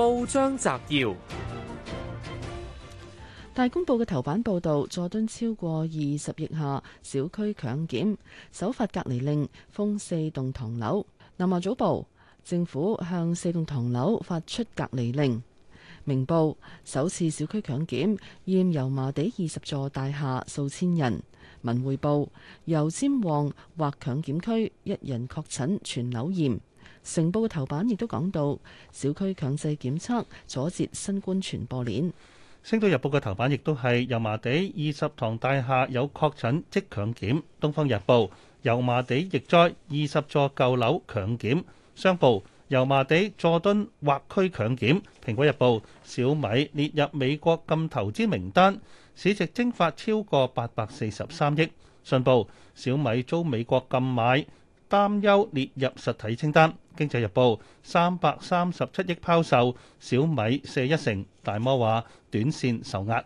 報章摘要：大公報嘅頭版報道，佐敦超過二十億下，小區強檢，首發隔離令，封四棟唐樓。南華早報：政府向四棟唐樓發出隔離令。明報：首次小區強檢，驗油麻地二十座大廈，數千人。文匯報：油尖旺或強檢區，一人確診，全樓驗。成報嘅頭版亦都講到小區強制檢測，阻截新冠傳播鏈。星島日報嘅頭版亦都係油麻地二十堂大廈有確診即強檢。東方日報油麻地疫災二十座舊樓強檢。商報油麻地佐敦劃區強檢。蘋果日報小米列入美國禁投資名單，市值蒸發超過八百四十三億。信報小米遭美國禁買。擔憂列入實體清單，《經濟日報》三百三十七億拋售小米，跌一成，大摩話短線受壓。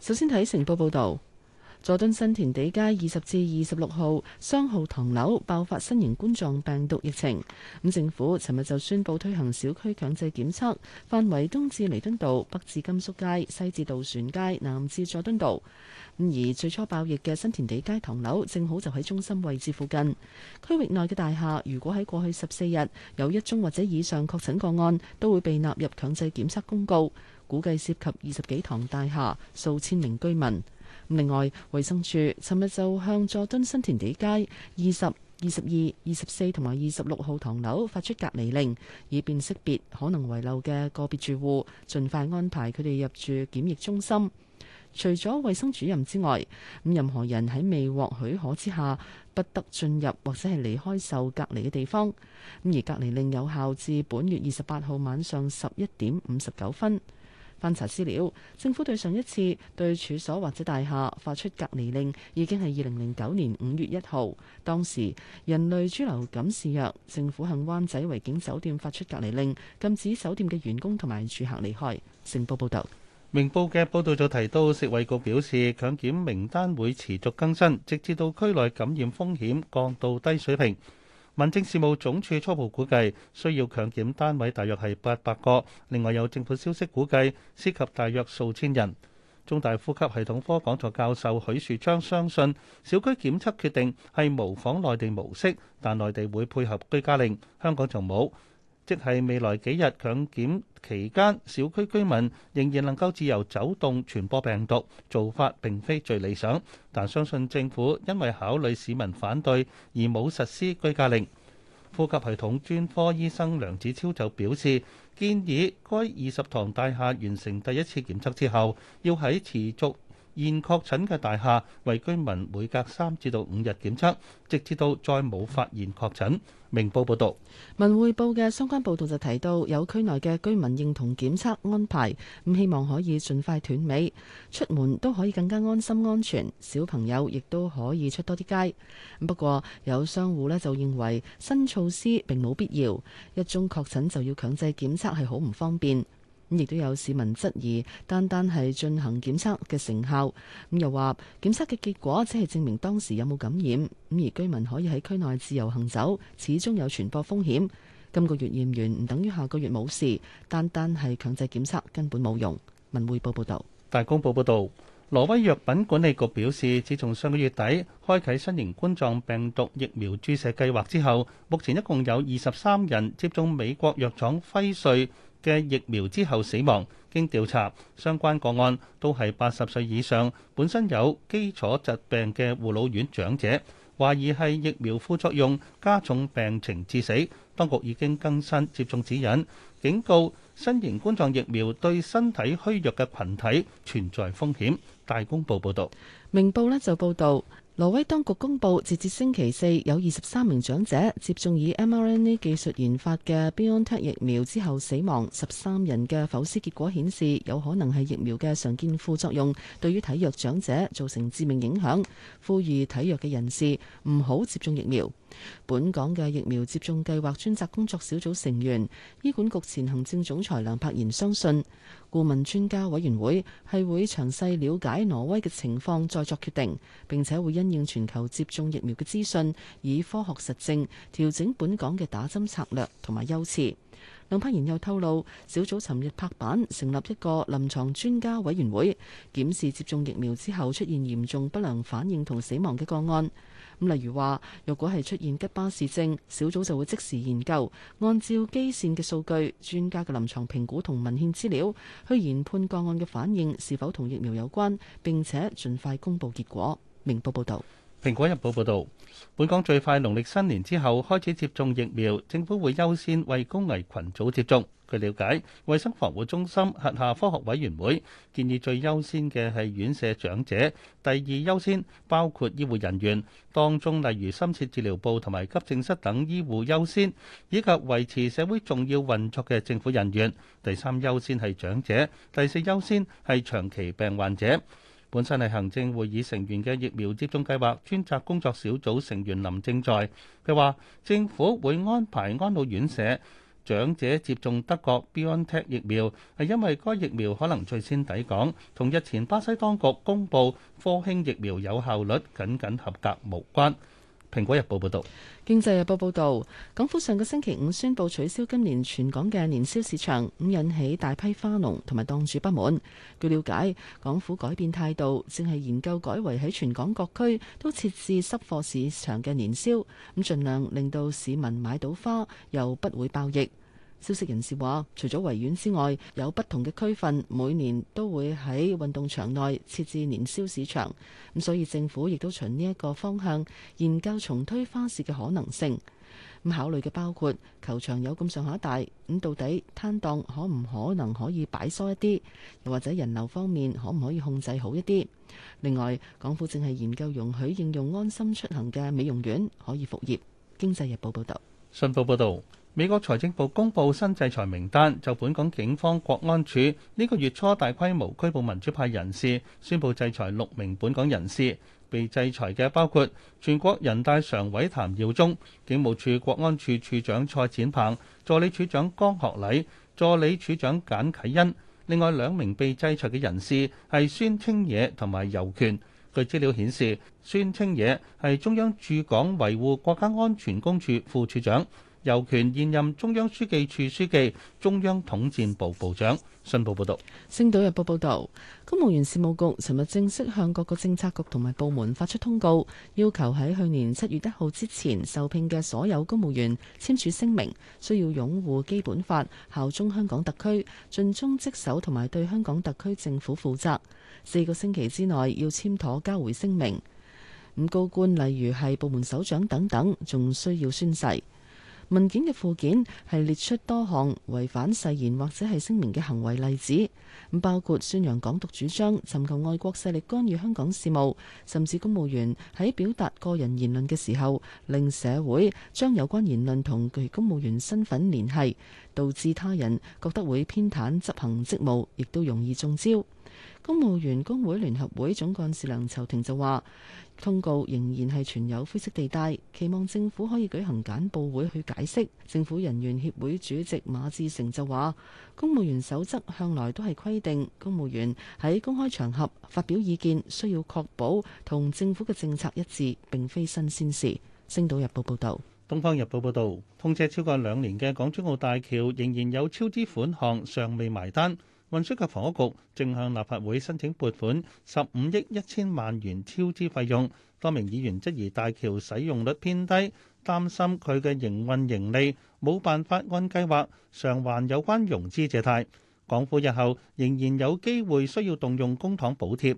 首先睇《成報》報導。佐敦新田地街二十至二十六號雙號唐樓爆發新型冠狀病毒疫情，咁政府尋日就宣布推行小區強制檢測，範圍東至彌敦道，北至甘肅街，西至渡船街，南至佐敦道。而最初爆疫嘅新田地街唐樓，正好就喺中心位置附近。區域內嘅大廈，如果喺過去十四日有一宗或者以上確診個案，都會被納入強制檢測公告。估計涉及二十幾幢大廈、數千名居民。另外，衛生署尋日就向佐敦新田地街二十、二十二、二十四同埋二十六號唐樓發出隔離令，以便識別可能遺漏嘅個別住戶，盡快安排佢哋入住檢疫中心。除咗衛生主任之外，任何人喺未獲許可之下，不得進入或者係離開受隔離嘅地方。而隔離令有效至本月二十八號晚上十一點五十九分。翻查資料，政府對上一次對處所或者大廈發出隔離令已經係二零零九年五月一號。當時人類豬流感肆虐，政府向灣仔維景酒店發出隔離令，禁止酒店嘅員工同埋住客離開。成報報導，明報嘅報導就提到，食衞局表示強檢名單會持續更新，直至到區內感染風險降到低水平。民政事務總署初步估計需要強檢單位大約係八百個，另外有政府消息估計涉及大約數千人。中大呼吸系統科講座教授許樹昌相信，小區檢測決定係模仿內地模式，但內地會配合居家令，香港就冇。即係未來幾日強檢期間，小區居民仍然能夠自由走動傳播病毒，做法並非最理想。但相信政府因為考慮市民反對而冇實施居家令。呼吸系統專科醫生梁子超就表示，建議該二十堂大廈完成第一次檢測之後，要喺持續。現確診嘅大廈，為居民每隔三至到五日檢測，直至到再冇發現確診。明報報道，文匯報嘅相關報道就提到，有區內嘅居民認同檢測安排，咁希望可以盡快斷尾，出門都可以更加安心安全，小朋友亦都可以出多啲街。不過有商戶咧就認為新措施並冇必要，一宗確診就要強制檢測係好唔方便。亦都有市民質疑單單係進行檢測嘅成效，咁又話檢測嘅結果只係證明當時有冇感染，咁而居民可以喺區內自由行走，始終有傳播風險。今個月驗完唔等於下個月冇事，單單係強制檢測根本冇用。文匯報報道。大公報報道，挪威藥品管理局表示，自從上個月底開啓新型冠狀病毒疫苗注射計劃之後，目前一共有二十三人接種美國藥廠輝瑞嘅疫苗之後死亡，經調查相關個案都係八十歲以上，本身有基礎疾病嘅護老院長者，懷疑係疫苗副作用加重病情致死。當局已經更新接種指引，警告新型冠狀疫苗對身體虛弱嘅群體存在風險。大公報報道，明報呢就報道。挪威當局公布，截至星期四有二十三名長者接種以 mRNA 技術研發嘅 BioNTech 疫苗之後死亡，十三人嘅剖屍結果顯示，有可能係疫苗嘅常見副作用，對於體弱長者造成致命影響，呼籲體弱嘅人士唔好接種疫苗。本港嘅疫苗接種計劃專責工作小組成員、醫管局前行政總裁梁柏賢相信。顧問專家委員會係會詳細了解挪威嘅情況再作決定，並且會因應全球接種疫苗嘅資訊，以科學實證調整本港嘅打針策略同埋優次。梁柏賢又透露，小組尋日拍板成立一個臨床專家委員會，檢視接種疫苗之後出現嚴重不良反應同死亡嘅個案。咁例如話，若果係出現吉巴氏症，小組就會即時研究，按照基線嘅數據、專家嘅臨床評估同文獻資料去研判個案嘅反應是否同疫苗有關，並且盡快公布結果。明報報道。蘋果日報報道：本港最快農曆新年之後開始接種疫苗，政府會優先為高危群組接種。據瞭解，衛生防護中心轄下科學委員會建議，最優先嘅係院舍長者，第二優先包括醫護人員，當中例如深切治療部同埋急症室等醫護優先，以及維持社會重要運作嘅政府人員。第三優先係長者，第四優先係長期病患者。本身係行政會議成員嘅疫苗接種計劃專責工作小組成員林正財，佢話政府會安排安老院舍。長者接種德國 BioNTech 疫苗係因為該疫苗可能最先抵港，同日前巴西當局公布科興疫苗有效率僅僅合格無關。蘋果日報報道，經濟日報報道，港府上個星期五宣布取消今年全港嘅年宵市場，咁引起大批花農同埋檔主不滿。據了解，港府改變態度，正係研究改為喺全港各區都設置濕貨市場嘅年宵，咁盡量令到市民買到花又不會爆疫。消息人士話，除咗維園之外，有不同嘅區份每年都會喺運動場內設置年宵市場。咁所以政府亦都循呢一個方向研究重推花市嘅可能性。咁考慮嘅包括球場有咁上下大，咁到底攤檔可唔可能可以擺疏一啲，又或者人流方面可唔可以控制好一啲？另外，港府正係研究容許應用安心出行嘅美容院可以復業。經濟日報報道。新報報道。美國財政部公布新制裁名單，就本港警方國安處呢個月初大規模拘捕民主派人士，宣布制裁六名本港人士。被制裁嘅包括全國人大常委譚耀宗、警務處國安處處長蔡展鵬、助理處長江學禮、助理處長簡啟恩。另外兩名被制裁嘅人士係孫青野同埋尤權。據資料顯示，孫青野係中央駐港維護國家安全公署副處長。尤權現任中央書記處書記、中央統戰部部長。信報報道，《星島日報》報道，公務員事務局尋日正式向各個政策局同埋部門發出通告，要求喺去年七月一號之前受聘嘅所有公務員簽署聲明，需要擁護基本法、效忠香港特區、盡忠職守同埋對香港特區政府負責。四個星期之內要簽妥交回聲明。咁高官，例如係部門首長等等，仲需要宣誓。文件嘅附件係列出多項違反誓言或者係聲明嘅行為例子，包括宣揚港獨主張尋求外國勢力干預香港事務，甚至公務員喺表達個人言論嘅時候，令社會將有關言論同其公務員身份聯繫，導致他人覺得會偏袒執行職務，亦都容易中招。公務員工會聯合會總幹事梁籌庭就話：通告仍然係存有灰色地帶，期望政府可以舉行簡報會去解釋。政府人員協會主席馬志成就話：公務員守則向來都係規定，公務員喺公開場合發表意見需要確保同政府嘅政策一致，並非新鮮事。《星島日報》報道，《東方日報》報道，通車超過兩年嘅港珠澳大橋仍然有超支款項尚未埋單。運輸及房屋局正向立法會申請撥款十五億一千萬元超支費用，多名議員質疑大橋使用率偏低，擔心佢嘅營運盈利冇辦法按計劃償還有關融資借貸。港府日後仍然有機會需要動用公帑補貼。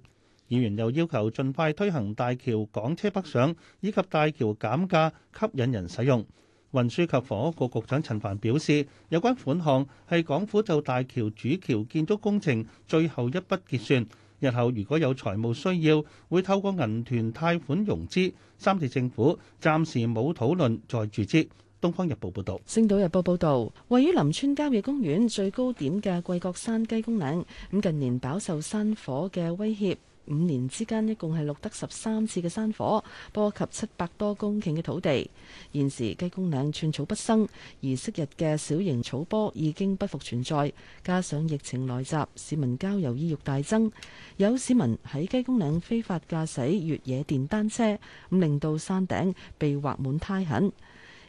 議員又要求盡快推行大橋港車北上以及大橋減價，吸引人使用。運輸及房屋局局長陳帆表示，有關款項係港府就大橋主橋建築工程最後一筆結算。日後如果有財務需要，會透過銀團貸款融資。三地政府暫時冇討論再注資。《東方日報》報導，《星島日報》報道：「位於林村郊野公園最高點嘅桂角山雞公嶺，咁近年飽受山火嘅威脅。五年之間一共係錄得十三次嘅山火，波及七百多公頃嘅土地。現時雞公嶺寸草不生，而昔日嘅小型草坡已經不復存在。加上疫情來襲，市民郊遊意欲大增，有市民喺雞公嶺非法駕駛越野電單車，咁令到山頂被劃滿胎痕。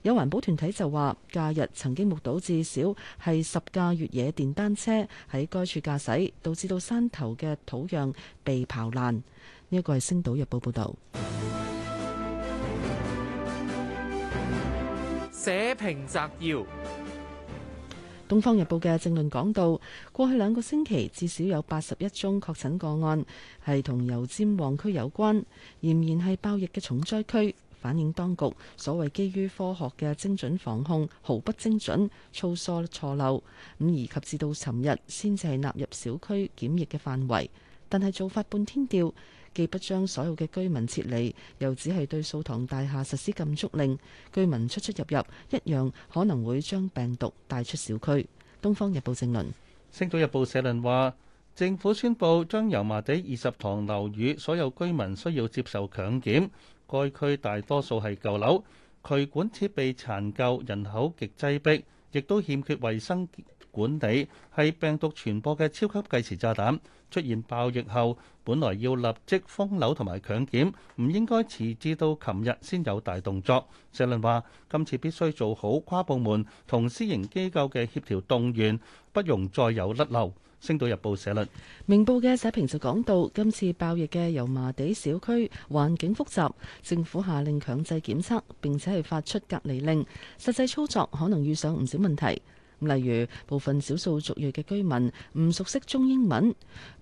有環保團體就話，假日曾經目睹至少係十架越野電單車喺該處駕駛，導致到山頭嘅土壤被刨爛。呢一個係《星島日報》報道。社評摘要，《東方日報》嘅政論講到，過去兩個星期至少有八十一宗確診個案係同油尖旺區有關，仍然係爆疫嘅重災區。反映當局所謂基於科學嘅精準防控，毫不精準，粗疏錯漏咁，而及至到尋日先至係納入小區檢疫嘅範圍，但係做法半天調，既不將所有嘅居民撤離，又只係對數堂大廈實施禁足令，居民出出入入一樣可能會將病毒帶出小區。《東方日報》正論，《星島日報》社論話：政府宣布將油麻地二十堂樓宇所有居民需要接受強檢。該區大多數係舊樓，渠管設備殘舊，人口極擠迫，亦都欠缺衛生管理。係病毒傳播嘅超級計時炸彈，出現爆疫後，本來要立即封樓同埋強檢，唔應該遲至到琴日先有大動作。社論話今次必須做好跨部門同私營機構嘅協調動員，不容再有甩漏。星島日報社論，明報嘅社評就講到今次爆疫嘅油麻地小區環境複雜，政府下令強制檢測並且係發出隔離令，實際操作可能遇上唔少問題。例如部分少數族裔嘅居民唔熟悉中英文，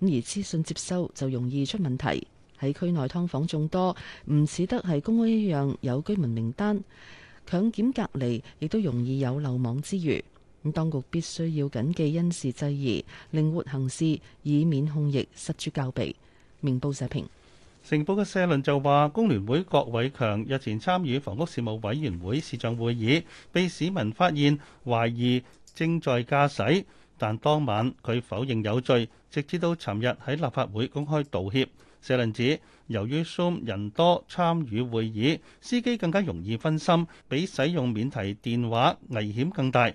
咁而資訊接收就容易出問題。喺區內劏房眾多，唔似得係公屋一樣有居民名單，強檢隔離亦都容易有漏網之魚。咁當局必須要緊記因事制宜，靈活行事，以免控疫失諸交臂。明報社評，成報嘅社論就話，工聯會郭偉強日前參與房屋事務委員會視像會議，被市民發現懷疑。正在駕駛，但當晚佢否認有罪，直至到尋日喺立法會公開道歉。社論指，由於 Zoom 人多參與會議，司機更加容易分心，比使用免提電話危險更大。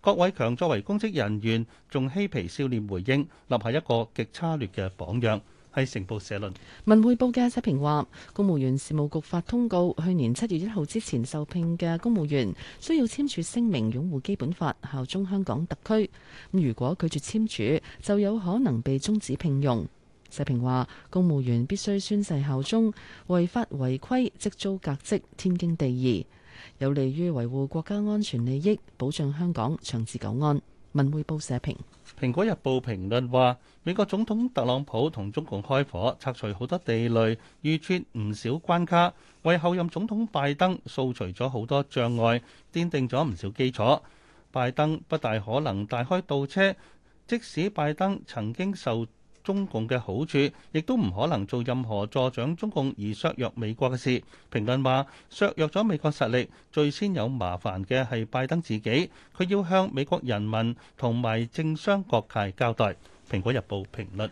郭偉強作為公職人員仲嬉皮笑臉回應，立下一個極差劣嘅榜樣。喺成報社論，文匯報嘅社評話：公務員事務局發通告，去年七月一號之前受聘嘅公務員，需要簽署聲明擁護基本法、效忠香港特區。咁如果拒絕簽署，就有可能被終止聘用。社評話：公務員必須宣誓效忠，違法違規即遭革職，天經地義，有利於維護國家安全利益，保障香港長治久安。文匯報社評，《蘋果日報》評論話：美國總統特朗普同中共開火，拆除好多地雷，預設唔少關卡，為後任總統拜登掃除咗好多障礙，奠定咗唔少基礎。拜登不大可能大開倒車，即使拜登曾經受，中共嘅好處亦都唔可能做任何助長中共而削弱美國嘅事。評論話，削弱咗美國實力，最先有麻煩嘅係拜登自己，佢要向美國人民同埋政商各界交代。《蘋果日報》評論。